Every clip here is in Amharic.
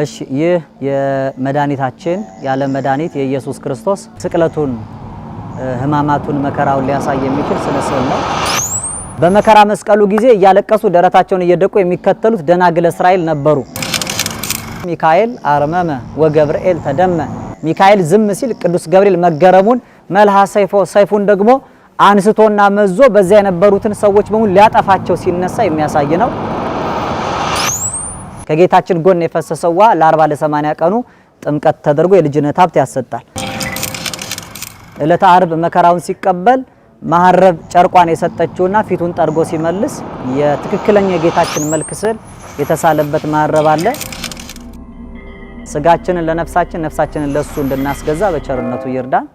እሺ ይህ የመድኃኒታችን ያለ መድኃኒት የኢየሱስ ክርስቶስ ስቅለቱን፣ ህማማቱን መከራውን ሊያሳይ የሚችል ስነ ስዕል ነው። በመከራ መስቀሉ ጊዜ እያለቀሱ ደረታቸውን እየደቁ የሚከተሉት ደናግል እስራኤል ነበሩ። ሚካኤል አርመመ ወገብርኤል ተደመ። ሚካኤል ዝም ሲል ቅዱስ ገብርኤል መገረሙን፣ መልሃ ሰይፎ ሰይፉን ደግሞ አንስቶና መዞ በዚያ የነበሩትን ሰዎች በሙሉ ሊያጠፋቸው ሲነሳ የሚያሳይ ነው። ከጌታችን ጎን የፈሰሰው ውሃ ለአርባ ለሰማንያ ቀኑ ጥምቀት ተደርጎ የልጅነት ሀብት ያሰጣል። ዕለተ አርብ መከራውን ሲቀበል መሀረብ ጨርቋን የሰጠችውና ፊቱን ጠርጎ ሲመልስ የትክክለኛ የጌታችን መልክ ስል የተሳለበት መሀረብ አለ። ስጋችንን ለነፍሳችን ነፍሳችንን ለሱ እንድናስገዛ በቸርነቱ ይርዳን።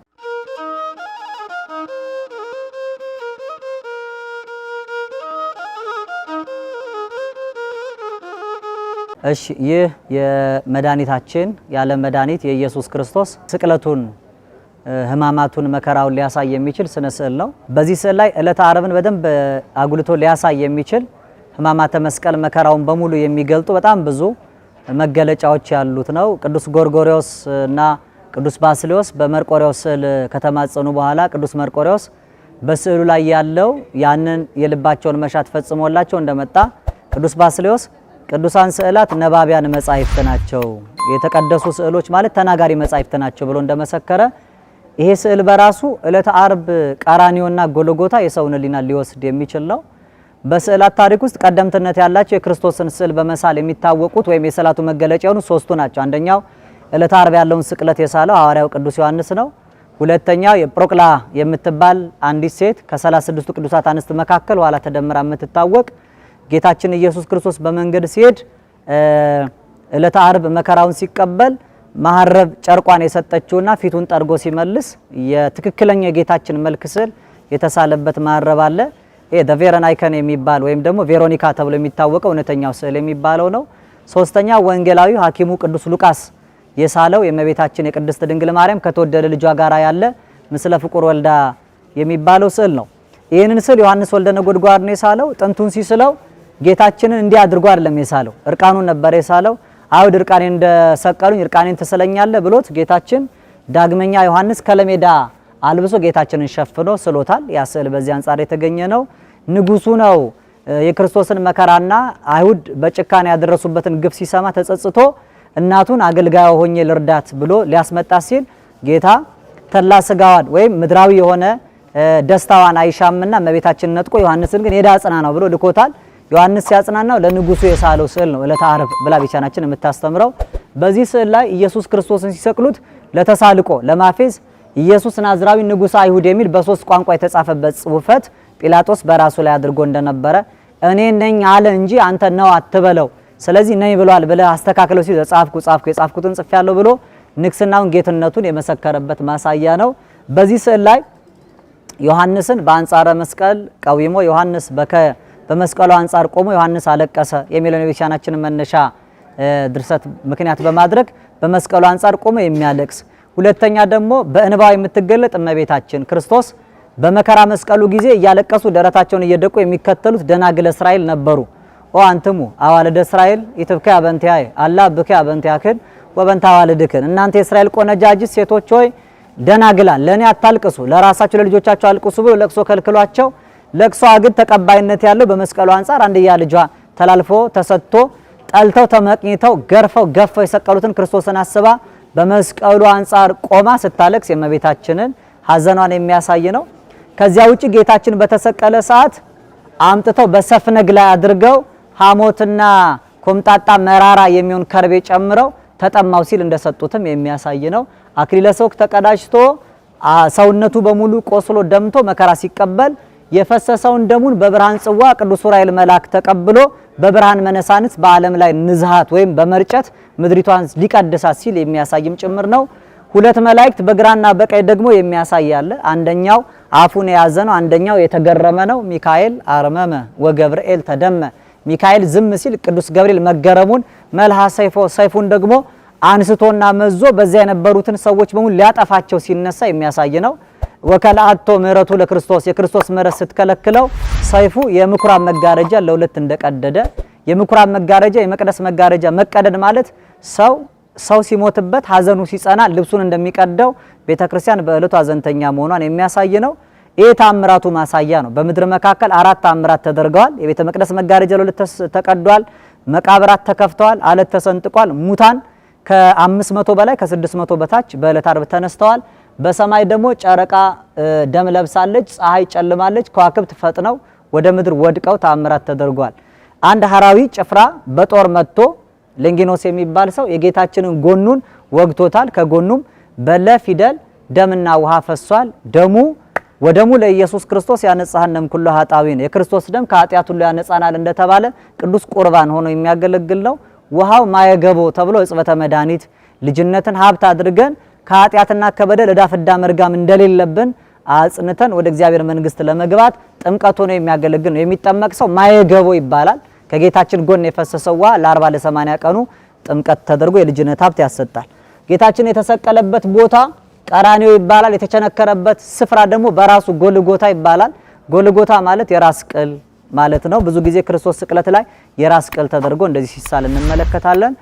እሺ ይህ የመድኃኒታችን ያለ መድኃኒት የኢየሱስ ክርስቶስ ስቅለቱን ህማማቱን መከራውን ሊያሳይ የሚችል ስነ ስዕል ነው። በዚህ ስዕል ላይ ዕለተ ዓርብን በደንብ አጉልቶ ሊያሳይ የሚችል ህማማተ መስቀል መከራውን በሙሉ የሚገልጡ በጣም ብዙ መገለጫዎች ያሉት ነው። ቅዱስ ጎርጎሪዎስ እና ቅዱስ ባስሌዎስ በመርቆሪዎስ ስዕል ከተማጸኑ በኋላ ቅዱስ መርቆሪዎስ በስዕሉ ላይ ያለው ያንን የልባቸውን መሻት ፈጽሞላቸው እንደመጣ ቅዱስ ባስሌዎስ ቅዱሳን ስዕላት ነባቢያን መጻሕፍት ናቸው፣ የተቀደሱ ስዕሎች ማለት ተናጋሪ መጻሕፍት ናቸው ብሎ እንደመሰከረ ይሄ ስዕል በራሱ ዕለተ አርብ ቀራኒዮና ጎልጎታ የሰውን ሊና ሊወስድ የሚችል ነው። በስዕላት ታሪክ ውስጥ ቀደምትነት ያላቸው የክርስቶስን ስዕል በመሳል የሚታወቁት ወይም የስዕላቱ መገለጫ የሆኑ ሶስቱ ናቸው። አንደኛው ዕለተ አርብ ያለውን ስቅለት የሳለው ሐዋርያው ቅዱስ ዮሐንስ ነው። ሁለተኛው የጵሮቅላ የምትባል አንዲት ሴት ከ36ቱ ቅዱሳት አንስት መካከል ኋላ ተደምራ የምትታወቅ ጌታችን ኢየሱስ ክርስቶስ በመንገድ ሲሄድ ዕለተ አርብ መከራውን ሲቀበል ማሐረብ ጨርቋን የሰጠችውና ፊቱን ጠርጎ ሲመልስ የትክክለኛ የጌታችን መልክ ስል የተሳለበት ማሐረብ አለ። ይሄ ቬረን አይከን የሚባል ወይም ደግሞ ቬሮኒካ ተብሎ የሚታወቀው እውነተኛው ስዕል የሚባለው ነው። ሶስተኛ ወንጌላዊ ሐኪሙ ቅዱስ ሉቃስ የሳለው የእመቤታችን የቅድስት ድንግል ማርያም ከተወደደ ልጇ ጋር ያለ ምስለ ፍቁር ወልዳ የሚባለው ስዕል ነው። ይህንን ስዕል ዮሐንስ ወልደ ነጎድጓድ ነው የሳለው። ጥንቱን ሲስለው ጌታችንን እንዲህ አድርጎ አይደለም የሳለው፣ እርቃኑን ነበር የሳለው። አይሁድ እርቃኔን እንደሰቀሉኝ እርቃኔን ትስለኛለህ ብሎት ጌታችን ዳግመኛ ዮሐንስ ከለሜዳ አልብሶ ጌታችንን ሸፍኖ ስሎታል። ያ ስዕል በዚህ አንጻር የተገኘ ነው። ንጉሱ ነው የክርስቶስን መከራና አይሁድ በጭካኔ ያደረሱበትን ግፍ ሲሰማ ተጸጽቶ እናቱን አገልጋይ ሆኜ ልርዳት ብሎ ሊያስመጣ ሲል ጌታ ተላ ስጋዋን ወይም ምድራዊ የሆነ ደስታዋን አይሻምና እመቤታችንን ነጥቆ ዮሐንስን ግን ሄዳ ጽና ነው ብሎ ልኮታል። ዮሐንስ ሲያጽናናው ለንጉሱ የሳለው ስዕል ነው ዕለተ ዓርብ ብላ ቤቻናችን የምታስተምረው። በዚህ ስዕል ላይ ኢየሱስ ክርስቶስን ሲሰቅሉት ለተሳልቆ ለማፌዝ ኢየሱስ ናዝራዊ ንጉሥ አይሁድ የሚል በሶስት ቋንቋ የተጻፈበት ጽሑፈት ጲላጦስ በራሱ ላይ አድርጎ እንደነበረ እኔ ነኝ አለ እንጂ አንተ ነው አትበለው፣ ስለዚህ ነኝ ብሏል ብለህ አስተካክለው ሲል ጻፍኩ ጻፍኩ የጻፍኩትን ጽፌያለሁ ብሎ ንግስናውን ጌትነቱን የመሰከረበት ማሳያ ነው። በዚህ ስዕል ላይ ዮሐንስን በአንጻረ መስቀል ቀዊሞ ዮሐንስ በከ በመስቀሉ አንጻር ቆሞ ዮሐንስ አለቀሰ የሚለውን የቤተክርስቲያናችንን መነሻ ድርሰት ምክንያት በማድረግ በመስቀሉ አንጻር ቆሞ የሚያለቅስ ሁለተኛ ደግሞ በእንባ የምትገለጥ እመቤታችን ክርስቶስ በመከራ መስቀሉ ጊዜ እያለቀሱ ደረታቸውን እየደቁ የሚከተሉት ደናግለ እስራኤል ነበሩ። ኦ አንትሙ አዋልደ እስራኤል ኢትብካ በእንቲአየ አላ ብክያ በእንቲአክን ወበንታ አዋልድክን። እናንተ የእስራኤል ቆነጃጅት ሴቶች ሆይ ደናግላን ለእኔ አታልቅሱ፣ ለራሳችሁ ለልጆቻችሁ አልቅሱ ብሎ ለቅሶ ከልክሏቸው ለቅሷ ግን ተቀባይነት ያለው በመስቀሉ አንጻር አንድያ ልጇ ተላልፎ ተሰጥቶ ጠልተው ተመቅኝተው ገርፈው ገፈው የሰቀሉትን ክርስቶስን አስባ በመስቀሉ አንጻር ቆማ ስታለቅስ የእመቤታችንን ሐዘኗን የሚያሳይ ነው። ከዚያ ውጪ ጌታችን በተሰቀለ ሰዓት አምጥተው በሰፍነግ ላይ አድርገው ሐሞትና ኮምጣጣ መራራ የሚሆን ከርቤ ጨምረው ተጠማው ሲል እንደሰጡትም የሚያሳይ ነው። አክሊለ ሦክ ተቀዳጅቶ ሰውነቱ በሙሉ ቆስሎ ደምቶ መከራ ሲቀበል የፈሰሰውን ደሙን በብርሃን ጽዋ ቅዱስ ዑራኤል መልአክ ተቀብሎ በብርሃን መነሳንስ በዓለም ላይ ንዝሃት ወይም በመርጨት ምድሪቷን ሊቀድሳት ሲል የሚያሳይም ጭምር ነው። ሁለት መላእክት በግራና በቀኝ ደግሞ የሚያሳይ አንደኛው አፉን የያዘ ነው፣ አንደኛው የተገረመ ነው። ሚካኤል አርመመ ወገብርኤል ተደመ። ሚካኤል ዝም ሲል ቅዱስ ገብርኤል መገረሙን፣ መልሃ ሰይፎ ሰይፉን ደግሞ አንስቶና መዞ በዚያ የነበሩትን ሰዎች በሙሉ ሊያጠፋቸው ሲነሳ የሚያሳይ ነው። ወከላአቶ ምህረቱ ለክርስቶስ የክርስቶስ ምህረት ስትከለክለው ሰይፉ የምኩራብ መጋረጃ ለሁለት እንደቀደደ የምኩራብ መጋረጃ የመቅደስ መጋረጃ መቀደድ ማለት ሰው ሰው ሲሞትበት ሀዘኑ ሲጸና ልብሱን እንደሚቀደው ቤተ ክርስቲያን በእለቱ ሀዘንተኛ መሆኗን የሚያሳይ ነው። ይህ ታምራቱ ማሳያ ነው። በምድር መካከል አራት ታምራት ተደርገዋል። የቤተ መቅደስ መጋረጃ ለሁለት ተቀዷል። መቃብራት ተከፍተዋል። አለት ተሰንጥቋል። ሙታን ከአምስት መቶ በላይ ከስድስት መቶ በታች በእለት አርብ ተነስተዋል። በሰማይ ደግሞ ጨረቃ ደም ለብሳለች፣ ፀሐይ ጨልማለች፣ ከዋክብት ፈጥነው ወደ ምድር ወድቀው ተአምራት ተደርጓል። አንድ ሀራዊ ጭፍራ በጦር መጥቶ ለንጊኖስ የሚባል ሰው የጌታችንን ጎኑን ወግቶታል። ከጎኑም በለ ፊደል ደምና ውሃ ፈሷል። ደሙ ወደሙ ለኢየሱስ ክርስቶስ ያነጻህነም ኩሎ ኃጣዊ ነው። የክርስቶስ ደም ከኃጢአት ሁሉ ያነጻናል እንደተባለ ቅዱስ ቁርባን ሆኖ የሚያገለግል ነው። ውሃው ማየገቦ ተብሎ እጽበተ መድኃኒት ልጅነትን ሀብት አድርገን ከኃጢአትና ከበደል ዕዳ ፍዳ መርጋም እንደሌለብን አጽንተን ወደ እግዚአብሔር መንግስት ለመግባት ጥምቀት ሆኖ የሚያገለግል ነው። የሚጠመቅ ሰው ማየገቦ ይባላል። ከጌታችን ጎን የፈሰሰው ውሃ ለአርባ ለሰማንያ ቀኑ ጥምቀት ተደርጎ የልጅነት ሀብት ያሰጣል። ጌታችን የተሰቀለበት ቦታ ቀራኔው ይባላል። የተቸነከረበት ስፍራ ደግሞ በራሱ ጎልጎታ ይባላል። ጎልጎታ ማለት የራስ ቅል ማለት ነው። ብዙ ጊዜ ክርስቶስ ስቅለት ላይ የራስ ቅል ተደርጎ እንደዚህ ሲሳል እንመለከታለን።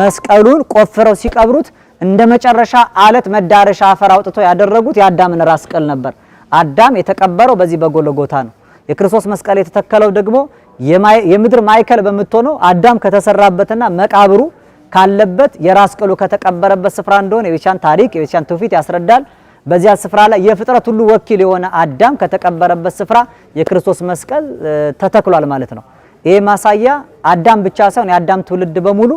መስቀሉን ቆፍረው ሲቀብሩት እንደ መጨረሻ አለት መዳረሻ አፈር አውጥቶ ያደረጉት የአዳምን ራስ ቅል ነበር። አዳም የተቀበረው በዚህ በጎለጎታ ነው። የክርስቶስ መስቀል የተተከለው ደግሞ የምድር ማዕከል በምትሆነው አዳም ከተሰራበትና መቃብሩ ካለበት የራስ ቅሉ ከተቀበረበት ስፍራ እንደሆነ የቤቻን ታሪክ የቤቻን ትውፊት ያስረዳል። በዚያ ስፍራ ላይ የፍጥረት ሁሉ ወኪል የሆነ አዳም ከተቀበረበት ስፍራ የክርስቶስ መስቀል ተተክሏል ማለት ነው። ይሄ ማሳያ አዳም ብቻ ሳይሆን የአዳም ትውልድ በሙሉ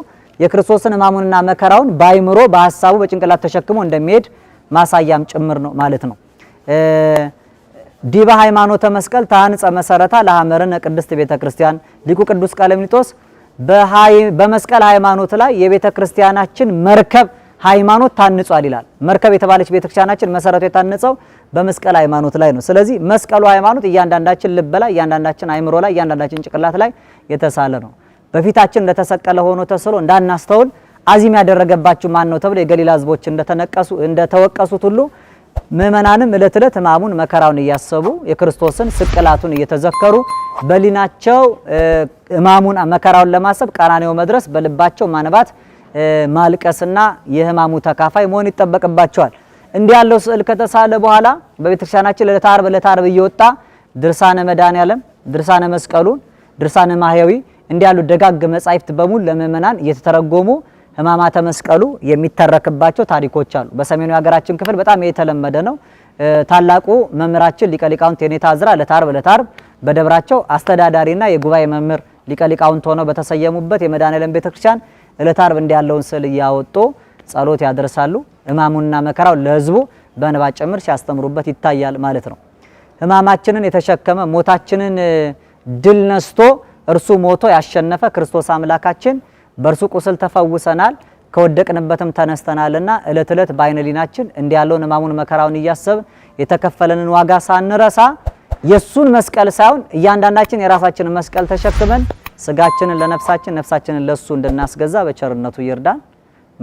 የክርስቶስን ሕማሙንና መከራውን በአይምሮ በሀሳቡ በጭንቅላት ተሸክሞ እንደሚሄድ ማሳያም ጭምር ነው ማለት ነው። ዲበ ሃይማኖተ መስቀል ታንጸ መሰረታ ለሐመርነ ቅድስት ቤተ ክርስቲያን ሊቁ ቅዱስ ቀለምንጦስ በመስቀል ሃይማኖት ላይ የቤተ ክርስቲያናችን መርከብ ሃይማኖት ታንጿል ይላል። መርከብ የተባለች ቤተ ክርስቲያናችን መሰረቱ የታነጸው በመስቀል ሃይማኖት ላይ ነው። ስለዚህ መስቀሉ ሃይማኖት እያንዳንዳችን ልብ ላይ፣ እያንዳንዳችን አይምሮ ላይ፣ እያንዳንዳችን ጭንቅላት ላይ የተሳለ ነው። በፊታችን እንደተሰቀለ ሆኖ ተስሎ እንዳናስተውል አዚም ያደረገባችሁ ማን ነው ተብሎ የገሊላ ህዝቦች እንደተነቀሱ እንደተወቀሱት ሁሉ ምእመናንም እለት እለት ሕማሙን መከራውን እያሰቡ የክርስቶስን ስቅላቱን እየተዘከሩ በሊናቸው ሕማሙን መከራውን ለማሰብ ቀራኔው መድረስ በልባቸው ማንባት ማልቀስና የህማሙ ተካፋይ መሆን ይጠበቅባቸዋል። እንዲህ ያለው ስዕል ከተሳለ በኋላ በቤተክርስቲያናችን ለዕለተ ዓርብ ለዕለተ ዓርብ እየወጣ ድርሳነ መድኃኔዓለም፣ ድርሳነ መስቀሉን፣ ድርሳነ ማህያዊ እንዲያሉ ደጋግ መጻሕፍት በሙሉ ለምእመናን እየተተረጎሙ ሕማማተ መስቀሉ የሚተረክባቸው ታሪኮች አሉ። በሰሜኑ የሀገራችን ክፍል በጣም የተለመደ ነው። ታላቁ መምህራችን ሊቀ ሊቃውንት የኔታ ዕዝራ ለታርብ በደብራቸው አስተዳዳሪና የጉባኤ መምህር ሊቀ ሊቃውንት ሆነው በተሰየሙበት የመድኃኔዓለም ቤተክርስቲያን እለታርብ እንዲያለውን ስዕል እያወጡ ጸሎት ያደርሳሉ። ሕማሙንና መከራው ለሕዝቡ በንባ ጭምር ሲያስተምሩበት ይታያል ማለት ነው። ሕማማችንን የተሸከመ ሞታችንን ድል ነስቶ እርሱ ሞቶ ያሸነፈ ክርስቶስ አምላካችን በእርሱ ቁስል ተፈውሰናል ከወደቅንበትም ተነስተናልና እለት እለት በአይነ ሊናችን እንዲህ ያለውን ሕማሙን መከራውን እያሰብን የተከፈለንን ዋጋ ሳንረሳ የሱን መስቀል ሳይሆን እያንዳንዳችን የራሳችንን መስቀል ተሸክመን ስጋችንን ለነፍሳችን ነፍሳችንን ለሱ እንድናስገዛ በቸርነቱ ይርዳን።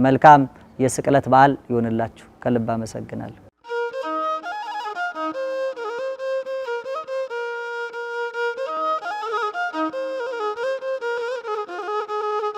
መልካም የስቅለት በዓል ይሆንላችሁ። ከልብ አመሰግናለሁ።